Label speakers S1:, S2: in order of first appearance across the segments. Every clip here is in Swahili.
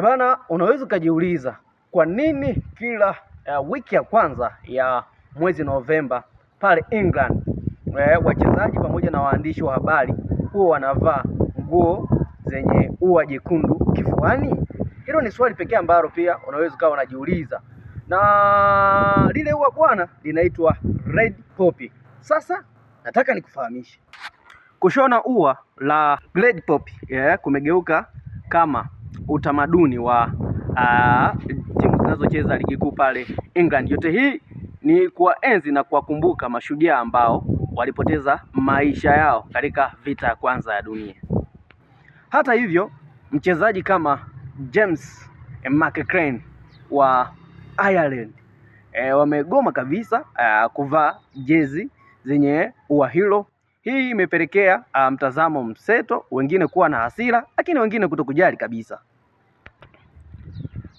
S1: Ebana, unaweza ukajiuliza kwa nini kila uh, wiki ya kwanza ya mwezi Novemba pale England e, wachezaji pamoja na waandishi wa habari huwa wanavaa nguo zenye ua jekundu kifuani? Hilo ni swali pekee ambalo pia unaweza ukawa unajiuliza, na lile ua bwana linaitwa red poppy. Sasa nataka nikufahamishe kushona ua la red poppy yeah, kumegeuka kama utamaduni wa timu zinazocheza ligi kuu pale England. Yote hii ni kuwaenzi na kuwakumbuka mashujaa ambao walipoteza maisha yao katika vita ya kwanza ya dunia. Hata hivyo, mchezaji kama James McCrane wa Ireland e, wamegoma kabisa kuvaa jezi zenye ua hilo. Hii imepelekea mtazamo mseto, wengine kuwa na hasira, lakini wengine kutokujali kabisa.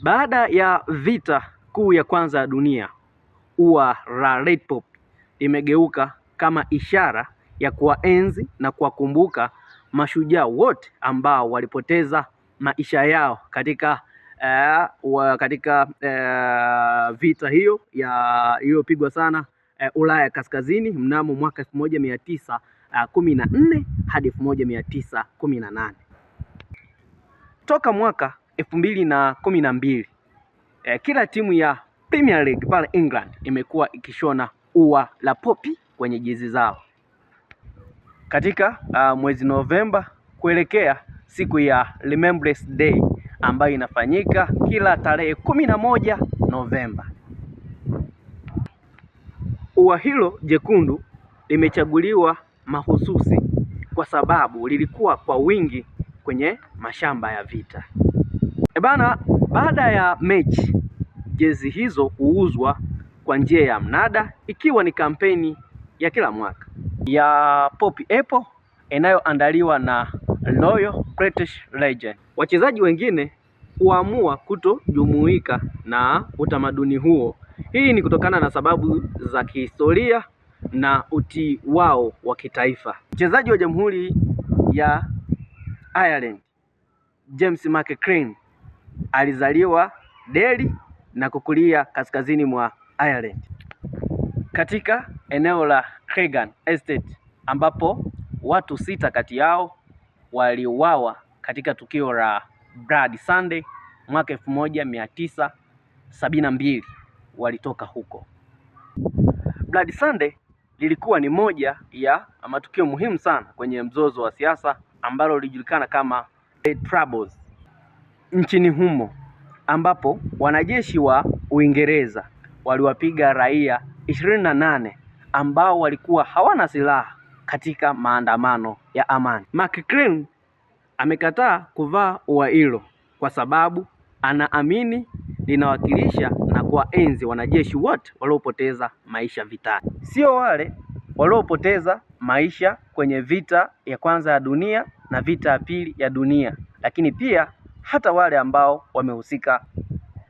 S1: Baada ya vita kuu ya kwanza ya dunia, ua la Pop limegeuka kama ishara ya kuwaenzi na kuwakumbuka mashujaa wote ambao walipoteza maisha yao katika uh, wa katika uh, vita hiyo ya iliyopigwa sana uh, Ulaya kaskazini mnamo mwaka elfu moja mia tisa kumi na nne hadi elfu moja mia tisa kumi na nane toka mwaka elfu mbili na kumi na mbili eh, kila timu ya Premier League pale England imekuwa ikishona ua la popi kwenye jezi zao katika uh, mwezi Novemba kuelekea siku ya Remembrance Day ambayo inafanyika kila tarehe kumi na moja Novemba. Ua hilo jekundu limechaguliwa mahususi kwa sababu lilikuwa kwa wingi kwenye mashamba ya vita. Ebana, baada ya mechi jezi hizo kuuzwa kwa njia ya mnada, ikiwa ni kampeni ya kila mwaka ya Poppy Apple inayoandaliwa na Royal British Legend, Wachezaji wengine huamua kutojumuika na utamaduni huo. Hii ni kutokana na sababu za kihistoria na uti wao wa kitaifa. Mchezaji wa Jamhuri ya Ireland James McCrean alizaliwa Delhi na kukulia kaskazini mwa Ireland katika eneo la Cregan Estate ambapo watu sita kati yao waliuawa katika tukio la Bloody Sunday mwaka elfu moja mia tisa sabini na mbili walitoka huko. Bloody Sunday lilikuwa ni moja ya matukio muhimu sana kwenye mzozo wa siasa ambalo lilijulikana kama Red Troubles nchini humo ambapo wanajeshi wa Uingereza waliwapiga raia ishirini na nane ambao walikuwa hawana silaha katika maandamano ya amani. McClellan amekataa kuvaa ua hilo kwa sababu anaamini linawakilisha na kuwaenzi wanajeshi wote waliopoteza maisha vitani, sio wale waliopoteza maisha kwenye vita ya kwanza ya dunia na vita ya pili ya dunia, lakini pia hata wale ambao wamehusika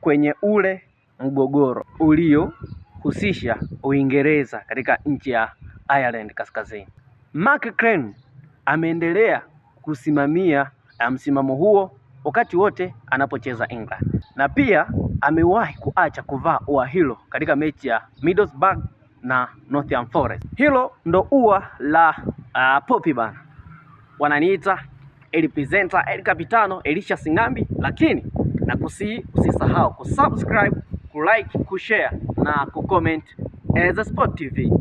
S1: kwenye ule mgogoro uliohusisha Uingereza katika nchi ya Ireland Kaskazini. Mark Crane ameendelea kusimamia eh, msimamo huo wakati wote anapocheza England na pia amewahi kuacha kuvaa ua hilo katika mechi ya Middlesbrough na Nottingham Forest. Hilo ndo ua la uh, ah, Poppy bana, wananiita El Presenter, El Capitano Elisha Singambi, lakini na kusi usisahau kusubscribe, kulike, kushare na kucomment. a Sport TV.